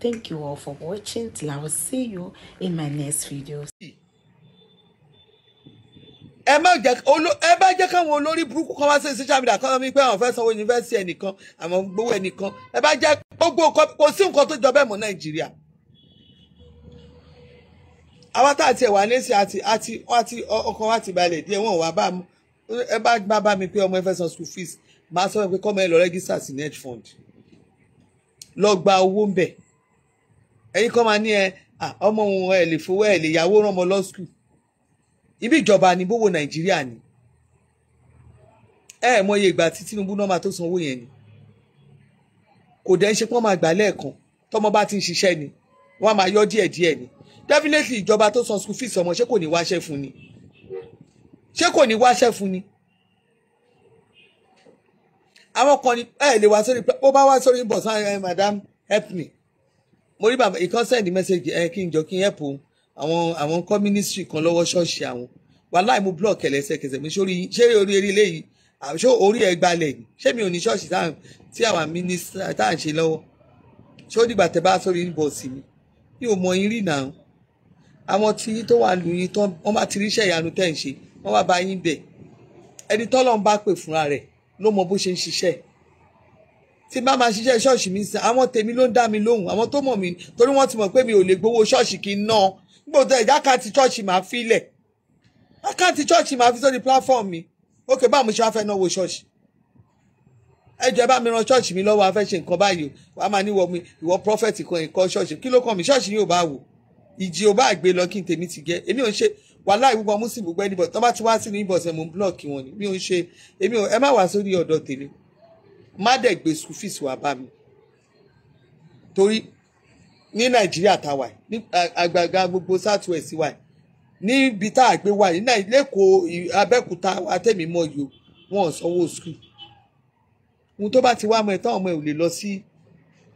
Thank you all for watching. Till I will see you in my next videos. ẹ má jẹ ẹ bá jẹ káwọn olórí burúkú kan wá sí social media kan mi pé àwọn fẹ́ sanwó yunifásitì ẹnìkan àwọn gbowó ẹnìkan ẹ bá jẹ gbogbo nǹkan kò sí nǹkan tó jọ bẹ́ẹ̀ mọ́ nàìjíríà àwa tá àti ẹwà nẹsì àti àti àti ọkàn wa ti balẹ̀ díẹ̀ wọn wà bá mu ẹ bá bá bá mi pé ọmọ ẹ fẹ́ san school fees màá sọ pé kọ́mọ ẹ lọ rẹ́gísítà sí net fund lọ gba owó ń bẹ̀ ẹ̀yin kan máa ní ẹ ọmọ òun ẹ lè fowó ẹ lè yàwó rán ọmọ lọ skul ibi ìjọba ni bówó nàìjíríà ni ẹ mọ iye ìgbà tí Tinubu náà máa tó sanwó yẹn ni kò dẹ́ ń ṣe pọ́n máa gbà lẹ́ẹ̀kan tọ́mọ bá ti ń ṣiṣẹ́ ni wọ́n máa yọ díẹ̀ díẹ̀ ni definitely ìjọba tó san school fees ọmọ ṣé kò ní wáṣẹ́ fún ni ṣé kò ní wáṣẹ́ fún ni àwọn kan ní ẹ lè wá sórí bó bá wá sórí bọ̀sán madam help me mo rí bàbá ìkan send message ẹ eh, kí n jọ kí n help òun àwọn àwọn kọ́ ministry kan lọ́wọ́ ṣọ́ọ̀ṣì àwọn wàláì mo block ẹ̀ lẹ́sẹ̀kẹsẹ̀ mi sórí ṣé orí eré léyìí àbíṣó orí ẹ̀ gbalẹ̀ ṣé mi ò ní ṣọ́ọ̀ṣì tí àwọn minister tá à ń ṣe lọ́wọ́ ṣó dìgbà tẹ bá sórí bọ́ọ̀sì mi mi ò mọ yín rí nà án àwọn tí tó wà lù yín tán wọ́n bá ti ríṣẹ́ ìyanu tẹ̀ ń ṣe wọ́n bá ba yín bẹ̀ ẹni tọ́lọ́ tí bá máa ṣiṣẹ́ ṣọ́ọ̀ṣì mi sàn àwọn tèmi ló ń dá mi lóhùn àwọn tó mọ̀ mí torí wọ́n ti mọ̀ pé mi ò lè gbowó ṣọ́ọ̀ṣì kí n náà gbọ́dọ̀ ẹ̀dá kan ti ṣọ́ọ̀ṣì máa fi lẹ̀ àkáǹtì ṣọ́ọ̀ṣì máa fi sórí platform mi ókè báwo mo ṣe wá fẹ́ náwó ṣọ́ọ̀ṣì ẹ jẹ́ bá mi ran ṣọ́ọ̀ṣì mi lọ́wọ́ a fẹ́ ṣe nǹkan báyìí o a máa ní ìwọ prọfẹ̀tì kan ẹ̀kọ́ ṣọ́ọ̀ṣì kí ló kàn mí ṣọ́ọ̀ṣì yóò bá wò ìjì ò bá gbé lọ kí n tèmi ti gẹ́ èmi ò ń ṣe wàhálà ìwúgbọ mùsùlùmí gbogbo ẹni bọ̀ tọ́ bá ti wá sínú ìbọ̀sẹ̀ mò ń blọọ̀kì wọn ni mi ò ń ṣe èmi ò ẹ má wá sórí ọ̀dọ̀ tèmi má dẹ̀ gbé school fees wá bá mi torí ní nàìjíríà tá a wà ní àgbàgbà gbogbo south west wà níbi tá a gbé wà ní lẹ́kọ̀ọ́ abẹ́òkúta atẹ́mímọ́ yìí wọ́n sanwó school ohun tó bá ti wá mọ ẹ̀ táwọn ọmọ ẹ̀ ò lè lọ sí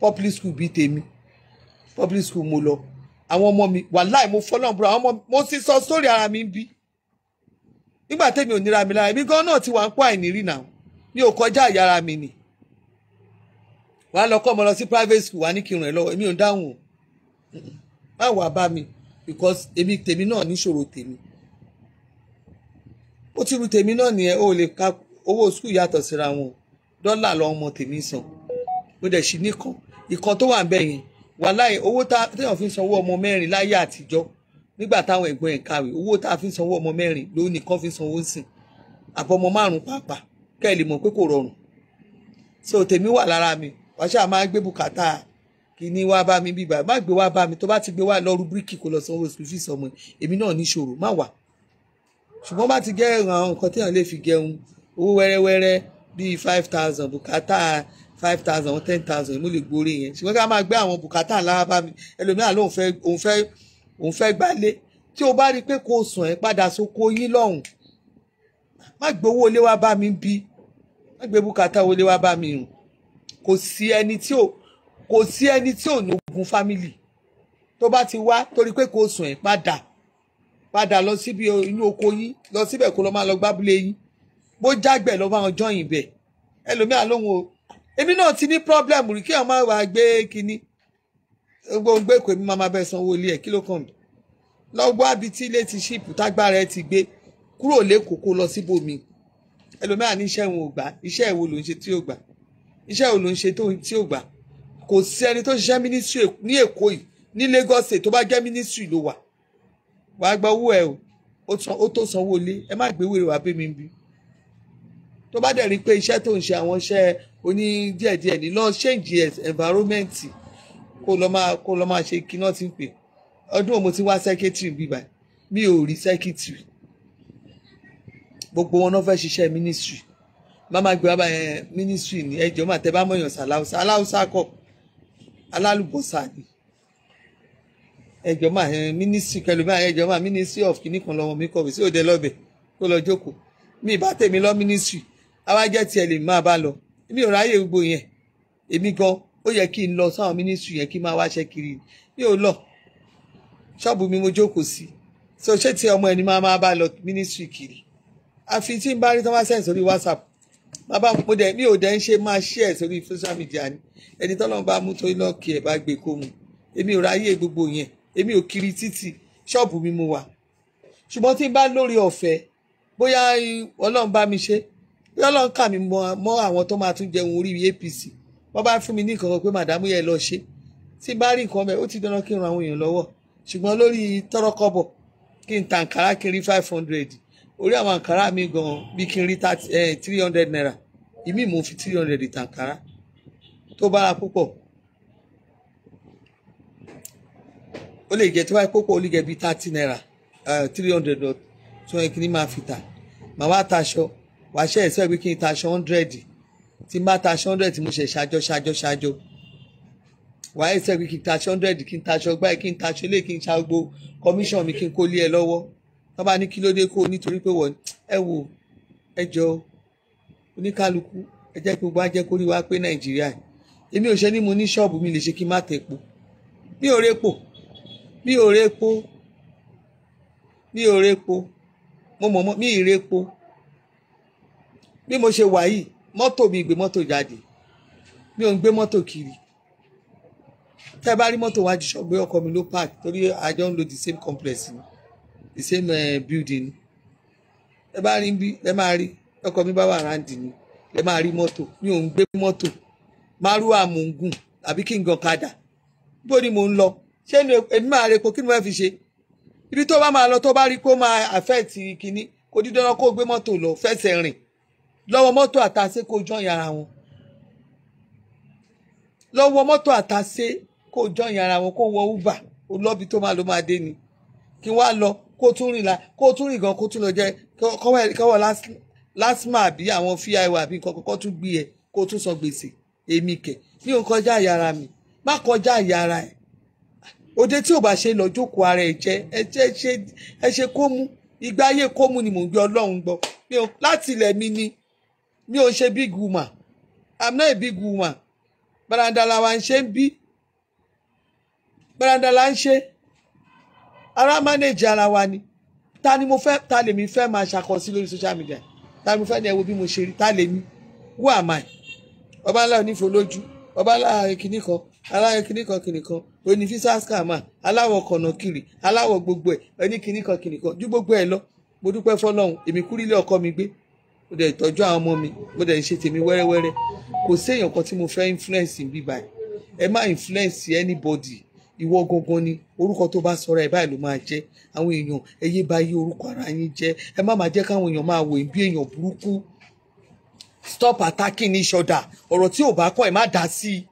public school bíi tèmi public school mo lọ àwọn ọmọ mi wàláì mo fọlọ́n búra àwọn ọmọ mo sì sọ sórí ara mi bí nígbà tèmi ò nira mi lára ẹ̀mí gan náà ti wà ń kó àìní rí nà mi ò kọjá ìyára mi nìí wàá lọ kọ́ ọmọ lọ sí private school wàá ní kí n ràn ẹ́ lọ́wọ́ èmi ò dáhùn o má wàá bá mi because èmi tèmi náà níṣòro tèmi ó ti ru tèmi náà nìyẹn ó lè ka owó school yàtọ̀ síra wọn dọ́là lọ ọmọ tèmi san mo dẹ̀ ṣì nìkan ìkan tó wà ń bẹ̀ yẹn wàláì owó téèyàn fi ń sanwó ọmọ mẹ́rin láyé àtijọ́ nígbà táwọn ẹ̀gbọ́n ẹ̀ kàwé owó tá a fi ń sanwó ọmọ mẹ́rin ló nìkan fi sanwó sìn àbọ̀mọ márùn-ún pàápàá kẹ́ ẹ lè mọ̀ pé kò rọrùn so tèmi wà lára mi wàá ṣáà máa gbé bùkátà kíní wá bá mi bíbá má gbé wá bá mi tó bá ti gbé wá lọ rúbíríkì kó lọ sanwó school fees ọmọ èmi náà níṣòro má wà ṣùgbọ́n bá ti gẹ́rùn àwọn nǹkan téèyàn lè fi gẹun owó wẹ́rẹ́wẹ́rẹ́ bíi five thousand bukata five thousand or ten thousand mo lè gborí yẹn ṣùgbọ́n ká máa gbé àwọn bùkátà ńlá bá mi ẹlòmíràn lóun fẹ́ òun fẹ́ òun fẹ́ gbálé tí o bá rí i pé kò sùn ẹ́ padà sóko yín lọ́hùn má gbowó ilé wá bá mi bí má gbé bùkátà owó ilé wá bá mi rùn kò sí ẹni tí ò kò sí ẹni tí ò ní ogun fámìlì tó bá ti wá torí pé kò sùn ẹ̀ padà padà lọ síbi inú oko yín lọ síbẹ̀ kó lọ máa lọ gbábúlé yín bó jágbẹ̀ lọ́ bá wọn jọyìn bẹ̀ ẹlòmíà lóhùn o èmi náà ti ní problem rí kí ọmọ wa gbé kinní gbogbo èkó mi máa ma bẹ sanwó ilé ẹ̀ kí ló kàn mí lọ́gbọ́n àbí tí ilé ti ṣíìpù tágbára ẹ ti gbé kúrò lẹ́kọ̀ọ́ kó lọ síbòmí ẹlòmíà ní iṣẹ́ ìwọ̀n ò gbà iṣẹ́ ìwo ló ń ṣe tí ò gbà iṣẹ́ wo ló ń ṣe tí ò gbà kò sí ẹni tó ṣiṣẹ́ mínísírì ní èkó yìí ní Lagos tó bá jẹ́ mínísírì ló wà wàá gba owó ẹ o ó tó sanwó ilé ẹ má gbé wèrè wá bí mi bí tó bá dẹ̀ rí pé iṣẹ́ tó ń ṣe àwọn iṣẹ́ oní díẹ̀díẹ̀ ní lọ ṣéǹjì environment kó lọ máa kó lọ máa ṣe kíná tí ń pè ọdún òun ti wá secretary bíbá mi ò rí secretary gbogbo wọn náà fẹ́ ṣiṣẹ́ ministry bá máa gbé bàbá yẹn mínísírì ní ẹjọ́ máa tẹ bá mọ̀yàn sàláùsà aláùsà kọ̀ alálùbọ̀sà ni ẹjọ́ máa mínísírì kẹlò máa ẹjọ́ máa mínísírì of kìíní kan lọ́wọ́ mi kọ̀wé sí òde lọ́bẹ̀ kó lọ jókòó mi ìbá tèmi lọ mínísírì àwa jẹ́ tiẹ̀ lè máa bá lọ mi ò ráyè gbogbo yẹn èmi gan ó yẹ kí n lọ sáwọn mínísírì yẹn kí n máa wáṣẹ́ kiri mi ò lọ ṣọ́ọ̀bù mi mo jókòó sí so ṣé ti ọmọ ẹni máa máa bá lọ mínísírì kiri àfi tí n bá rí tán wá sẹ́yìn sórí whatsapp bàbá mo dẹ̀ mi ò dẹ̀ ń ṣe máa share sórí social media ni ẹni tọ́lọ́run bá mú tó lọ́ọ̀kì ẹ̀ bá gbé kó mu èmi ò ráyè gbogbo yẹn èmi ò kiri títì ṣọ́ọ̀bù mi mo wà ṣùgbọ́n tí n bá lórí ọ̀fẹ́ bóyá ọlọ́run bá mi ṣe bóyá ọlọ́run kà mí mọ́ àwọn tó máa tún jẹun orí APC wọ́n bá fún mi ní nǹkan pé màdàmú yẹn lọ ṣe tí bá rí nǹkan mẹ́ ó ti dandan kí n ran àwọn èèyàn lọ́wọ́ ṣùgbọ́n lórí tọ́rọ́kọ́bọ̀ kí n tàǹkárá kiri five hundred orí àwọn àǹkárá mi gan bí kí n rí eh, three hundred naira ìmí mo fi three hundred tàǹkárá tó bára púpọ̀ ó lè jẹ́ tó bá púpọ̀ ó lè jẹ́ bíi thirty naira eh, three hundred tó yẹ kí ni máa fi tà màá wá taṣọ wàá ṣe ẹ̀sọ́ pé kí n taṣọ hundred tí n bá taṣọ hundred tí mo ṣe ṣàjọ ṣàjọ ṣàjọ wàá ẹ̀sọ́ pé kí n taṣọ hundred kí n taṣọ gbáyé kí n taṣọ ilé kí n ṣàgbo commission mi kí n kó lé ẹ lọ́wọ́ tó bá ní kí ló dé kó o nítorí pé wọ́n ẹ wò ẹ jọ oníkálukú ẹ jẹ́ kí gbogbo á jẹ́ kó rí wa pé nàìjíríà èmi ò ṣe ní mo ní ṣọ́ọ̀bù mi lè ṣe kí n má tẹ epo mi ò repo mi ò repo mi ò repo mo mọ̀ mọ́ mi ì repo bí mo ṣe wà yìí mọ́tò mi gbé mọ́tò jáde mi ò ń gbé mọ́tò kiri tẹ́ bá rí mọ́tò wájú ṣọ́ọ̀bù ọkọ mi ló park torí àjọ ń lo the same complex ni the same uh, building ẹ bá rí bí ẹ máa rí ọkọ mi bá wà ráǹdì ni ẹ máa rí mọ́tò mi ò ń gbé mọ́tò márùwà mò ń gùn àbí kí n gan kadà bó ni mò ń lọ ṣé èmi máa repo kí ni mo fi ṣe ibi tó bá máa lọ tó bá rí kó máa affect kínní kò dídá kó gbé mọ́tò lọ fẹsẹ̀ rìn lọ́wọ́ mọ́tò àtàṣe kó jọyìn ara wọn lọ́wọ́ mọ́tò àtàṣe kó jọyìn ara wọn kó wọ uber olóbi tó máa lọ máa dé ni kí wọ́n lọ kó tún rìn la kó tún rìn gan kó tún lọ jẹ kọ́wọ́ lásìmọ̀ àbí àwọn fíà ìwà àbí nǹkan kọ́kọ́ tún gbé ẹ kó tún san gbèsè èmi kẹ̀ mi ò kọjá àyàrá mi má kọjá àyàrá ẹ̀ òde tí ò bá ṣe lọ jókòó ara ẹ̀ jẹ́ ẹ ṣe kó mú ìgbà ayé kó mú ni mò ń gbé ọlọ́run gbọ́ mi láti ilẹ̀ mi ni mi ò ṣe big woman i'm not a big woman barandala wa ń ṣe ń bí barandala ń ṣe ara manage ara wa ni ta ni mo fẹ́ ta lèmi fẹ́ máa ṣàkọsí lórí social media ta ni mo fẹ́ ní ẹ wo bí mo ṣe rí ta lèmi who am I ọba ńlá onífo lójú ọba ńlá kìnnì kan aláwọ kìnnì kan kìnnì kan onífísà scammer aláwọ kọ̀nà kiri aláwọ gbogbo ẹ̀ ẹni kìnnì kan kìnnì kan ju gbogbo ẹ̀ lọ mo dúpẹ́ fọlọ́run èmi kúrílẹ̀ ọkọ mi gbé mo dẹ̀ tọ́jú àwọn ọmọ mi mo dẹ̀ ṣe tèmi wẹ́rẹ́wẹ́rẹ́ kò séèyàn kan tí mo fẹ́ influence bíbá ẹ má influence anybody ìwọ gangan ni orúkọ tó bá sọra ẹ báyìí ló máa jẹ àwọn èèyàn ẹ yé orúkọ ara yín jẹ ẹ má máa jẹ káwọn èèyàn máa wò bí èèyàn burúkú stop attacking each other ọ̀rọ̀ tí ò bá kọ́ ẹ má dá sí i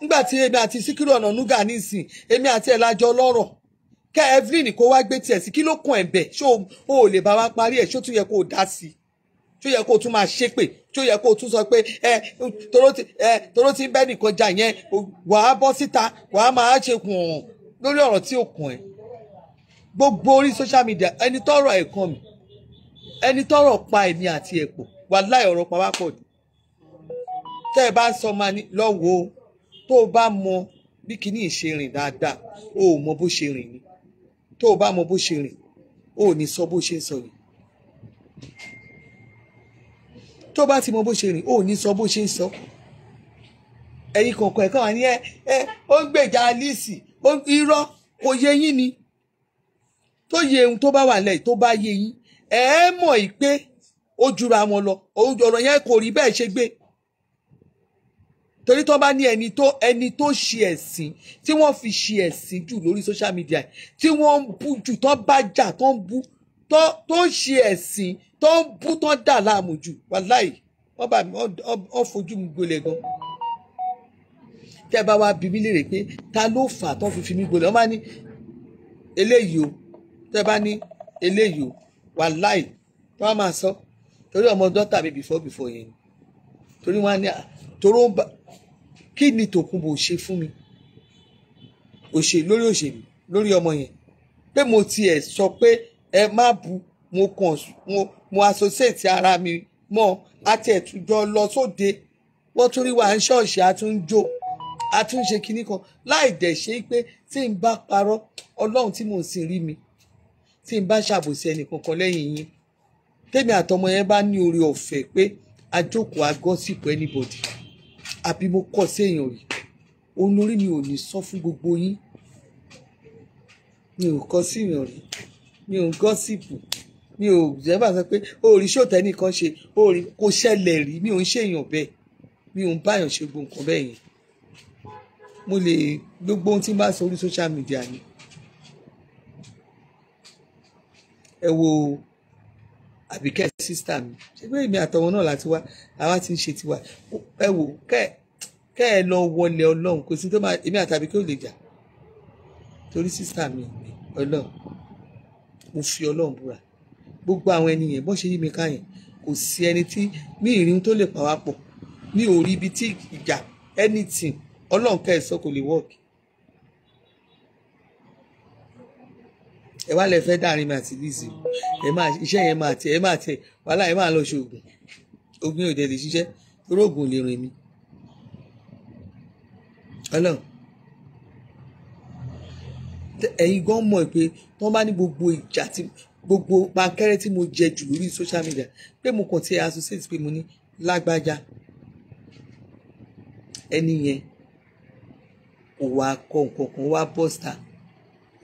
nígbà tí èmi àti Síkírù Ọ̀nànúgà nísìn èmi àti ẹ̀ lájọ lọ́rọ̀ kẹ́ Evelyn kó wá gbé tiẹ̀ sí kí ló kàn ẹ̀ bẹ̀ ṣó o ò lè bá wa parí ẹ̀ ṣó tún yẹ kó o dá sí i tí ó yẹ kó o tún máa ṣépè tí ó yẹ kó o tún sọ pé ẹ toró ti bẹ́ẹ̀ nìkan jà yẹn wàá bọ́ síta wàá máa ṣe kùn ọ̀hún lórí ọ̀rọ̀ tí ò kùn ẹ̀ gbogbo orí social media ẹni tọrọ ẹ̀ kàn mí ẹni tọrọ pa èmi àti ẹ̀pọ̀ wà láì ọ̀rọ̀ pa wá pọ̀ jù tẹ́ ẹ bá sọ máa ní lọ́wọ́ tó o bá mọ bí kinní ìṣe rìn dáadáa o ò mọ bó ṣe rìn ni tó o bá mọ bó ṣe rìn o ò ní sọ bó ṣe sọ yìí tó bá ti mọ bó ṣe rìn ó ní sọ bó ṣe ń sọ ẹ̀yin kọ̀ọ̀kan ẹ̀kọ́ wà ní ẹ ẹ ó ń gbèjà Alice irọ́ kò yé yín ni tó yé ohun tó bá wà lẹ́yìn tó bá yé yín ẹ mọ̀ ì pé ó jura wọn lọ ọ̀rọ̀ yẹn kò rí bẹ́ẹ̀ ṣe gbé torí tó bá ní ẹni tó ẹni tó ṣe ẹ̀sìn tí wọ́n fi ṣe ẹ̀sìn jù lórí social media tí wọ́n ń bú jù tó bá jà tó ń bú tó tó ń ṣe ẹ̀sìn tó ń bú tó ń dà láàmú jù wàláì wọ́n bá mi wọ́n fojú mi gbolẹ̀ gan. tẹ́ bá wa bí mi léèrè pé ta ló fà tó fi fi mi gbolẹ̀ wọ́n bá ní eléyìí o tẹ́ bá ní eléyìí o wàláì tí wọ́n máa sọ torí ọmọ dọ́tà mi before before yẹn torí wọ́n á ní toró ń bá kí ni tòkunbó ṣe fún mi òṣèlú lórí òṣèlú lórí ọmọ yẹn pé mo tiẹ̀ sọ pé ẹ má bu mo kàn mo mo associate ara mi mọ́ àti ẹ̀túnjọ lọ sóde wọ́n tún rí wa ń ṣọ́ọ̀ṣì àtúnjò àtúnṣe kinní kan láì dẹ̀ ṣe pé tí n bá parọ́ ọlọ́run tí mò ń sìn rí mi tí n bá ṣàbòsí ẹnìkankan lẹ́yìn yín tèmi àtọmọ yẹn bá ní oore ọ̀fẹ́ pé àjókòó agọ́sìpọ̀ anybody àbí mo kọ́ séèyàn rí òun lórí mi ò ní sọ fún gbogbo yín mi ò kọ́ séèyàn rí mi ò gọ́sìpù mi ò jẹ́bà sọ pé orí ṣòtẹ́ nìkan ṣe orí kò ṣẹlẹ̀ rí mi ò ń ṣèyàn bẹ́ẹ̀ mi ò ń báyàn ṣe gbogbo nǹkan bẹ́ẹ̀ yẹn mo lè gbogbo ohun tí n bá sọ orí social media ni ẹ wo àbíkẹ́ sísítà mi ṣé pé èmi àtọwọn náà láti wá àwa ti ń ṣe tiwa ẹ wo kẹ kẹ ẹ lọ wọlé ọlọ́run kò sí tó máa èmi àtàbíkẹ́ ò lè jà torí sísítà mi ọlọ́run mo fi ọlọ́run búra gbogbo àwọn ẹni yẹn bó ṣe yí mi ká yẹn kò sí ẹni tí mi ìrìn tó lè pa wá pọ̀ mi ò rí ibi tí ìjà anything ọlọ́run ká ẹ̀ sọ kò lè work. ẹ wá lẹ fẹ́ dáàrin mi àti Lizzy ẹ máa iṣẹ́ yẹn máa tẹ ẹ máa tẹ wàhálà ẹ máa lọ ṣe oògùn oògùn ò dẹ̀ lè ṣiṣẹ́ orógùn lè rìn mi ọlọ́run ẹ̀yin gan mọ̀ pé tí wọ́n bá ní gbogbo ìjà tí gbogbo pankẹ́rẹ́ tí mo jẹ jù lórí social media pé mo kàn ti associate pé mo ní lágbájá ẹni yẹn kò wá kọ nǹkan kan wá bọ́sítà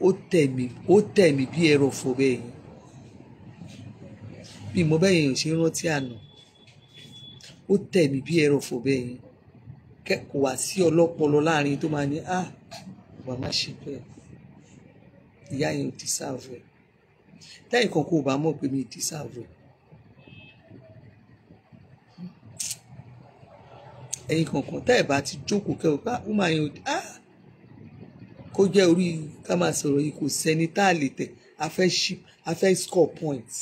ó tẹ̀ mí ó tẹ̀ mí bí ẹ̀rọ fọ bẹ́ẹ̀ yẹn bí mo bẹ́ẹ̀ yẹn ò ṣe rántí àná ó tẹ̀ mí bí ẹ̀rọ fọ bẹ́ẹ̀ yẹn kò wá sí ọlọ́pọlọ láàrin tó máa ní ah wàá má ṣe bẹ́ẹ̀ ìyá yẹn ò deserve ẹ̀ lẹ́yìn kan kó o bá mọ̀ pé mi deserve ẹ̀ ẹ̀yin kankan tá ẹ̀ bá ti jókòó kẹ́ ah, ò ó máa yan òde ah kó jẹ́ orí ká máa sọ̀rọ̀ yìí kò sẹ́ni tá a lè tẹ̀ a fẹ́ ship a fẹ́ score points.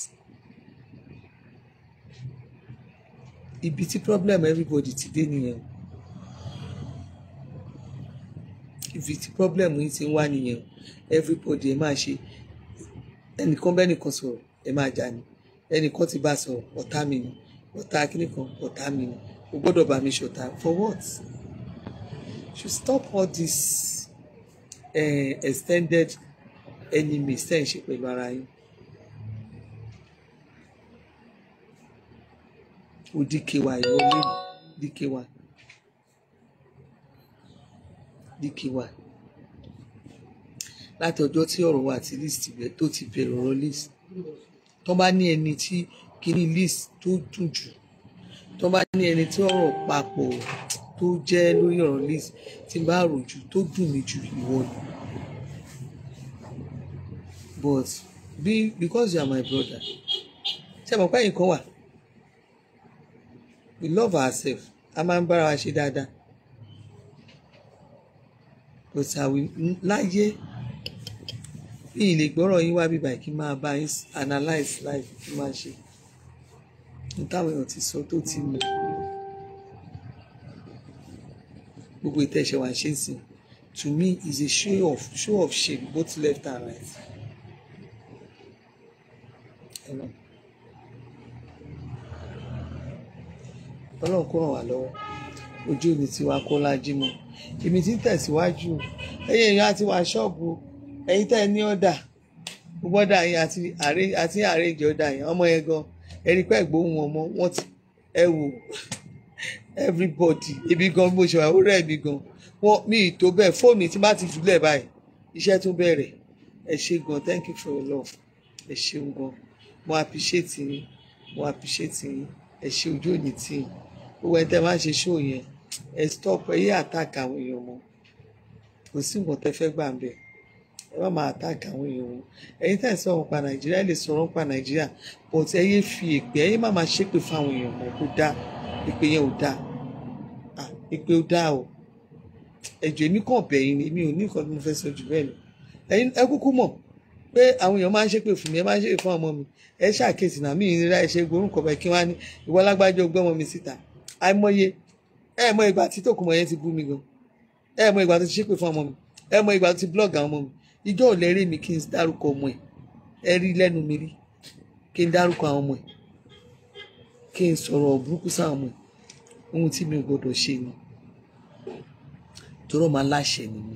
ibi tí problem everybody ti dé nìyẹn o. ibi tí problem yìí ti ń wá nìyẹn everybody ẹ máa ṣe ẹnìkan bẹ́nìkan sọ̀rọ̀ ẹ máa jà ní ẹnìkan ti bá sọ̀rọ̀ ọ̀tá mi ni ọ̀tá kíní kan ọ̀tá mi ni o gbọ́dọ̀ bá mi ṣọ̀tá for what To stop all this uh, eh, extended enemy tẹ́ ń ṣe pẹ̀lú ara yín o dikewa ìwọlé dikewa Líkíwà láti ọjọ́ tí ọ̀rọ̀ wa àti list tó ti bẹ̀rẹ̀ ọ̀rọ̀ list tó bá ní ẹni tí kìíní list tó dùn jù tó bá ní ẹni tí ọ̀rọ̀ papọ̀ tó jẹ́ lórí ọ̀rọ̀ list tí bá rò jù tó dùn mí jù ìwọ ni but be because you are my brother ṣé mo pẹ́ yìí kan wà we love ourselves a máa ń bára wa ṣe dáadáa òsàwí láyé mi ì lè gbọ́rọ̀ yín wá bíbá kí n máa bá yín analyse life kí n máa ṣe ní táwọn èèyàn ti sọ tó ti mọ̀ gbogbo ìtẹ̀sẹ̀ wà ṣe ń sìn to me is a show of show of shame both left and right. ọlọ́run kó ràn wá lọ́wọ́ ojú mi ti wá kó lájí mọ èmi ti ń tẹ̀síwájú ẹ̀yin èèyàn àti wá ṣọ́ọ̀bù ẹ̀yin tẹ́ ẹ ní ọ̀dà gbogbo ọ̀dà yẹn àti àrèjì ọ̀dà yẹn ọmọ yẹn gan ẹni pẹ́ gbóhùn ọmọ wọn ti ẹ wò everybody ebi gan mo ṣe wà ó rẹ̀ mi gan wọn mi ì tó bẹ́ẹ̀ fóònù tí bá ti jùlẹ̀ báyìí iṣẹ́ tó bẹ̀rẹ̀ ẹ ṣé gan thank you for your love ẹ ṣeun gan mo appreciate yín mo appreciate yín ẹ ṣé ojú òní tì yín gbogbo ẹni tẹ́ máa ṣe ṣóò yẹn ẹ stop ẹ yé àtàkì àwọn èèyàn mọ́ kò sí nǹkan tẹ́ fẹ́ gbà ń bẹ̀ ẹ má máa àtàkì àwọn èèyàn wọn ẹ̀yin tẹ́ ẹ̀ sọ̀rọ̀ nípa nàìjíríà ẹ lè sọ̀rọ̀ nípa nàìjíríà but ẹ yé fi èpè ẹ yé má máa ṣépè fáwọn èèyàn mọ́ kó dáa ìpè yẹn ò dáa ìpè ò dáa o ẹ̀jọ̀ èmi kàn bẹ̀yìn ni mi ò ní nǹkan tí mo fẹ́ sọ jù bẹ́ẹ̀ lọ ẹ̀yin ẹ kúkú mọ̀ pé àwọn èèyàn máa ń ṣépè fún mi ẹ máa ń ṣépè fún ọmọ mi ẹ ṣàkíyèsí náà mí ìnira ẹ ṣe gbórúkọ bẹ́ẹ̀ kí wọ́n á ní ìwọ́lágbájọ́ gbọ́mọ mi síta àìmọye ẹ mọ ìgbà tí tòkùnmọ yẹn ti bú mi gan ẹ mọ ìgbà tó ti ṣépè fún ọmọ mi ẹ mọ ìgbà tó ti blọọgì àwọn ọmọ mi ìjọ ò lẹ́rìí mi kí n dárúkọ ọmọ ẹ ẹ rí lẹ́nu mi rí kí n dárúkọ ọmọ ẹ kí n sọ̀rọ̀ burúkú sáwọn ọmọ ẹ ohun tí mi ò gbọdọ̀ ṣe ni torọ́ máa láṣẹ ni mi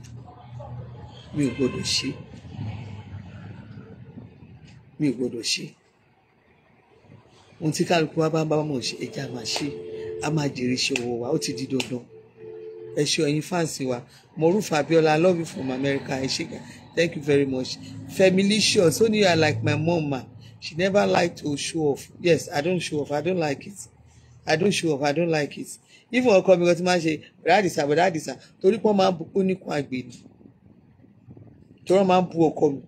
mi ò gbọdọ̀ ṣe mi ò gbọdọ̀ ṣe ohun tí kálukú wa bá ń bá wọn ṣe ẹja máa ṣe a máa jèrè iṣẹ́ owó wa ó ti di dandan ẹ ṣé ẹ̀yin fáǹsì wa Moruf Abiola I love you from America ẹ ṣé gan thank you very much Femilicious ó ní I like my mom ma she never like to show off yes I don't show off I don't like it I don't show off I don't like it even ọkọ mi kan ti máa ń ṣe bẹ̀rẹ̀dìsà bẹ̀rẹ̀dìsà torí pé wọ́n máa ń bu kó níkun àgbè ni torí wọ́n máa ń bu ọkọ mi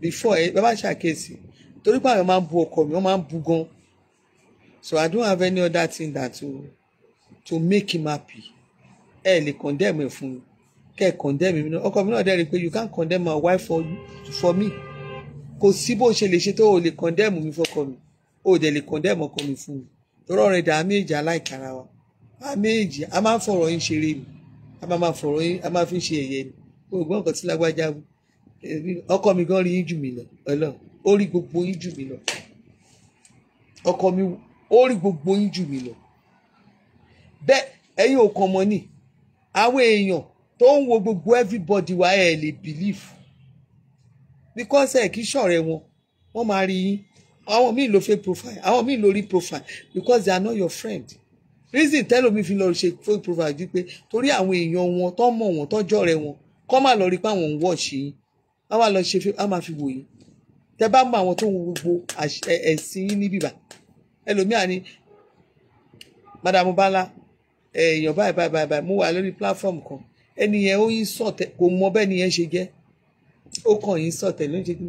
before ẹ bá ṣàkíyèsí torí pé àwọn máa ń bu ọkọ mi wọ́n máa ń bu gan-an so i don't have any other thing than to to make him happy ẹ lè condemn me fún mi kẹ ẹ condemn mi náà ọkọ mi náà dẹ́rìí pé you can't condemn my wife for, for me kò sí bó ṣe lè ṣe tó o lè condemn mi fọkọ mi o dẹ̀ lè condemn ọkọ mi fún mi tọrọ rẹ dà á méjì aláìkara wa á méjì a máa ń fọ̀rọ̀ yín ṣeré mi a máa máa fọ̀rọ̀ yín a máa fi ń ṣe ẹ̀yẹ mi o gbọ́n nǹkan tí lágbájá ọkọ mi gan rí yín jù mí lọ ọlọ́run ó rí gbogbo yín jù mí lọ ọkọ mi ó rí gbogbo yín jù mí lọ bẹ́ẹ̀ ẹ̀yin ò kàn mọ́ ni àwọn èèyàn tó ń wo gbogbo everybody wa ẹ̀ lè believe because ẹ̀ kì í ṣọ̀rẹ́ wọn wọ́n máa rí yín àwọn míì ló fẹ́ profile àwọn míì ló rí profile because they are not your friend reason tẹ́lómi fi lọ ṣe fake profile ju pé torí àwọn èèyàn wọn tó mọ̀ wọn tó jọ̀rẹ́ wọn kọ́ máa lọ rí pé àwọn ń wọ̀ ṣe yín wọ́n máa lọ ṣe á máa fi wò yín tẹ́ bá mọ àwọn tó ń wo gbogbo ẹ̀sìn yín níbí báyìí ẹlòmíà ni madam bala èèyàn báyìí báyìí báyìí mo wà lórí platform kan ẹni yẹn ó yín sọ̀tẹ̀ kò mọ bẹ́ẹ̀ ni yẹn ṣe jẹ́ ó kàn yín sọ̀tẹ̀ ló ń ṣe kí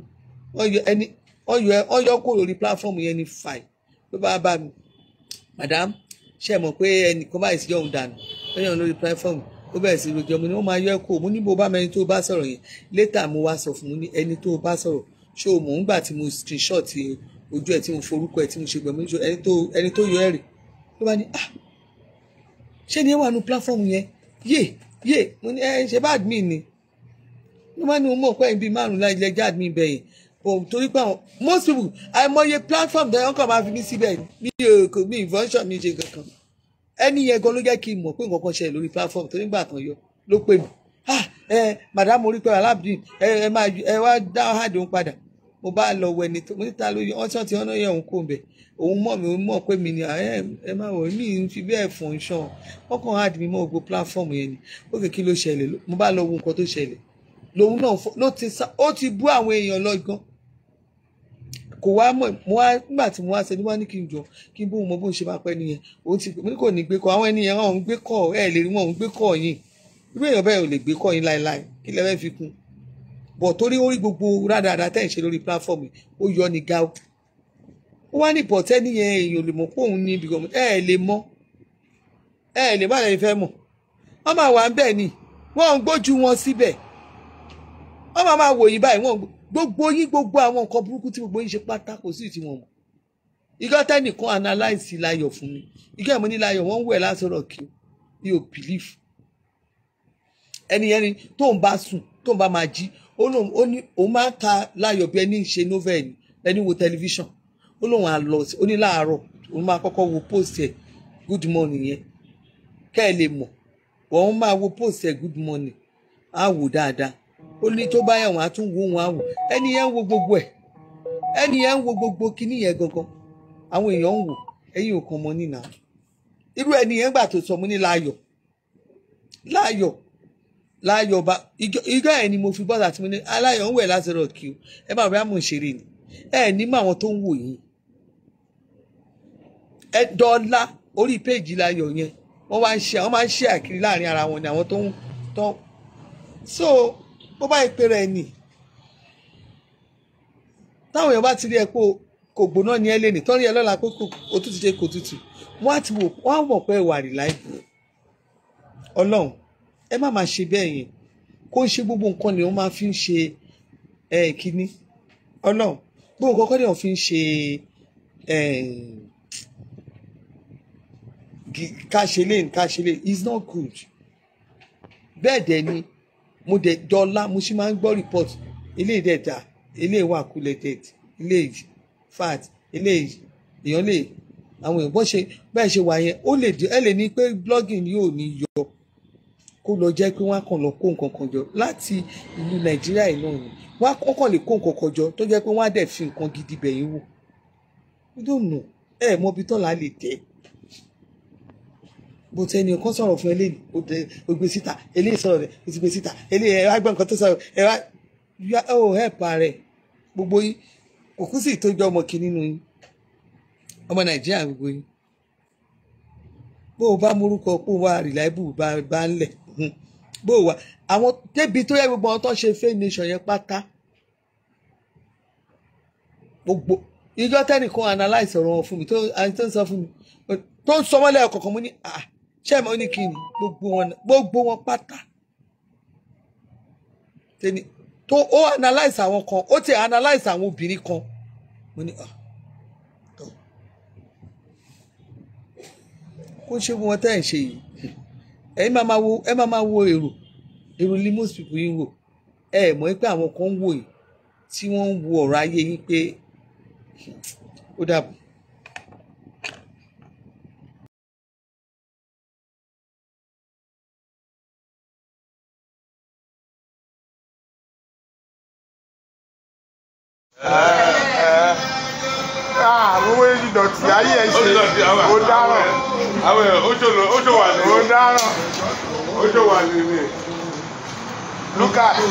ẹni ọyọ ọyọ kò lórí platform yẹn ni fàì ló bá bá mi madam ṣe mọ̀ pé ẹnìkan báyìí sí ọ̀hún dànù lẹ́yìn lórí platform ó bẹ̀rẹ̀ sí rojọ́ mo ní wọ́n máa yọ ẹ̀kọ́ mo ní bó bá mẹ́ni tó bá sọ̀rọ̀ yẹn létà mo wá sọ fún mo ẹni tó bá sọ̀rọ̀ ṣé o mọ̀ ń gbà tí mo screenshot ojú ẹ tí mo forúkọ ẹ tí mo ṣe gbẹmọ ẹni tó ẹni tó yọ ẹ rè ló bá ní ah ṣé ni ẹ wà nù platform yẹn yé yé mo ní ẹ ṣe bá admin ni ló bá ní mo mọ̀ pé ẹ̀ ń bi márùn-ún láì lẹ́jà admin bẹ̀yìn bọ̀ torí pé most people àìmọye platform tó yẹn kàn máa fi mí síbẹ̀ mi ò mi invention mi ṣe kankan ẹni yẹn gan ló jẹ́ kí n mọ̀ pé nǹkan kan ṣẹlẹ̀ lórí platform tó nígbà kan yọ ló pè mí ah ẹ madam orí pé alábìrin ẹ máa ẹ wá dá hàdùn padà mo bá lọ wẹ ni tó mo níta ló yọ ọtí ọtí ọ̀nà yẹ òun kò ń bẹ òun mọ̀ mi òun mọ̀ pé mi ni ẹ ẹ má wọ mí ń fi bẹ́ẹ̀ fún ṣan wọn kàn mi mọ́ gbogbo platform yẹn ni ó kè kí ló ṣẹlẹ̀ mo bá lọ wo nǹkan tó ṣẹlẹ̀ lòun náà ló ti sá ó ti bú àwọn èèyàn lọ́gán kò wá mọ̀ mo wá nígbà tí mo wá ṣe ni wọ́n ní kí n jọ kí n bóun mọ bóun ṣe máa pẹ́ nìyẹn òun ti mo ní kò ní gbé kọ àwọn ènìyàn wọn ò ń gbé kọ ẹ lè rí wọn ò ń gbé kọ yìí irú èèyàn bẹ́ẹ̀ ò lè gbé kọ yìí láéláé kí lẹ fẹ́ fi kún bọ̀ torí ó rí gbogbo rádaràda tẹ́ ẹ̀ ṣe lórí platform ó yọ ni ga ó wá ní bọ̀tẹ́ nìyẹn èèyàn lè mọ̀ pé òun ní ibi kan ẹ̀ lè mọ̀ ẹ̀ lè má lẹ́yìn fẹ́ mọ̀ wọ́n máa wà ń bẹ̀ ni wọ́n ń gbójú wọn síbẹ̀ wọ́n máa máa wò yín báyìí wọ́n gbogbo yín gbogbo àwọn nǹkan burúkú tí gbogbo yín ṣe pátá kò sí ìtì wọn mọ̀ ìgbà tẹ́nìkan analyse láyọ̀ fún mi ìgbà ìmọ̀ ní láyọ̀ wọ́n wẹ̀ lásọ̀rọ̀ kí ẹni ẹni tó ń bá sùn tó ń bá máa jí ó ní òun máa ń ka láyọ̀ bí ẹni ń ṣe novel ẹni wo tẹlifíṣàn ó lóun á ó ní láàárọ̀ òun máa kọ́kọ́ wo post ẹ̀ good morning yẹn kẹ́ ẹ lè mọ̀ wọ́n máa wo post ẹ̀ good morning á wò dáadáa ó ní tó bá á tún wo wọn á wò ẹni yẹn ń wo gbogbo ẹ̀ ẹni yẹn ń gbogbo kíní yẹn gangan àwọn èèyàn ń wò ẹ̀yin ò kàn mọ́ nínà irú gbà tó sọ ní láyọ̀ bá igá ẹ̀ ni mo fi bọ́ọ̀sì àti mi ní aláyọ̀ ń wẹ̀ Lazarus kí o ẹ bá bá mò ń ṣeré ni ẹ ní mọ àwọn tó ń wò yín ẹ dọ́là orí péèjì láyọ̀ yẹn wọ́n máa ń ṣe àwọn máa ń ṣe àkiri láàrin ara wọn ni àwọn tó ń tán so bó bá ìpè rẹ̀ nì táwọn èèyàn bá ti rí ẹ pé kò gbóná ni ẹ lè nì tán rí ẹ lọ́la pé òtútù ṣe kò tútù wọ́n á ti wọ́n á mọ̀ pé ẹ wà rí láìpẹ́ ọlọ́run ẹ má máa ṣe bẹ́ẹ̀ yẹn kó ṣe gbogbo nǹkan ni wọ́n máa fi ń ṣe ẹ kínní ọlọ́run gbogbo nǹkan kọ́ni wọ́n fi ń ṣe ká ṣe lé ká ṣe lé it's not good bẹ́ẹ̀ dẹ̀ ni mo dẹ̀ dọ́là mo ṣì máa ń gbọ́ report ilé ìdẹ̀dà ilé ìwà kúlẹ̀tẹ̀d ilé fat ilé èèyàn lè àwọn èèyàn bọ́ ṣe bẹ́ẹ̀ ṣe wà yẹn ó lè ẹ lè ní pé blogging yóò ní yọ kó lọ jẹ́ pé wọ́n á kàn lọ kó nǹkan kan jọ láti ìlú nàìjíríà ìlú ọ̀hún wọ́n á kàn lè kó nǹkan kan jọ tó jẹ́ pé wọ́n á dẹ̀ fi nǹkan gidi bẹ̀yìn wò we don't know ẹ mọ ibi tọ́lá lè tẹ́ bó tẹ ẹnì kan sọ̀rọ̀ fún eléyìí ó gbé síta eléyìí sọ̀rọ̀ rẹ̀ ó ti gbé síta eléyìí ẹ wá gbọ́ nǹkan tó sọ̀rọ̀ ẹ wá yá ó hẹ́ẹ̀pà rẹ̀ gbogbo yín òkú sì tó jọ ọmọ kìíní bó o bá morúkọ pò wá rìláìbù bá ń lẹ̀ Hmm. bó wà àwọn débi tó yẹ gbogbo àwọn tó ń ṣe fake nation yẹn pátá gbogbo ìjọ tẹnìkan analyse ọ̀rọ̀ wọn fún mi tó ń sọ fún mi tó ń sọ wọ́n lẹ́yọ̀ kọ̀ọ̀kan mú ní à ṣé ẹ̀ mọ́ ní kí ni gbogbo wọn pátá tẹni tó ó analyse àwọn kan ó ti analyse àwọn obìnrin kan mo ní ah kó ṣe wọn tẹ́ ẹ̀ ṣe yìí ẹ máa máa wo ẹ máa máa wo èrò èrò ni most people yín wò ẹ mọ̀ pé àwọn kan ń wò yìí tí wọ́n ń wo ọ̀rọ̀ ayé yín pé ó dàbọ̀. wà nínú ẹ̀ Lucas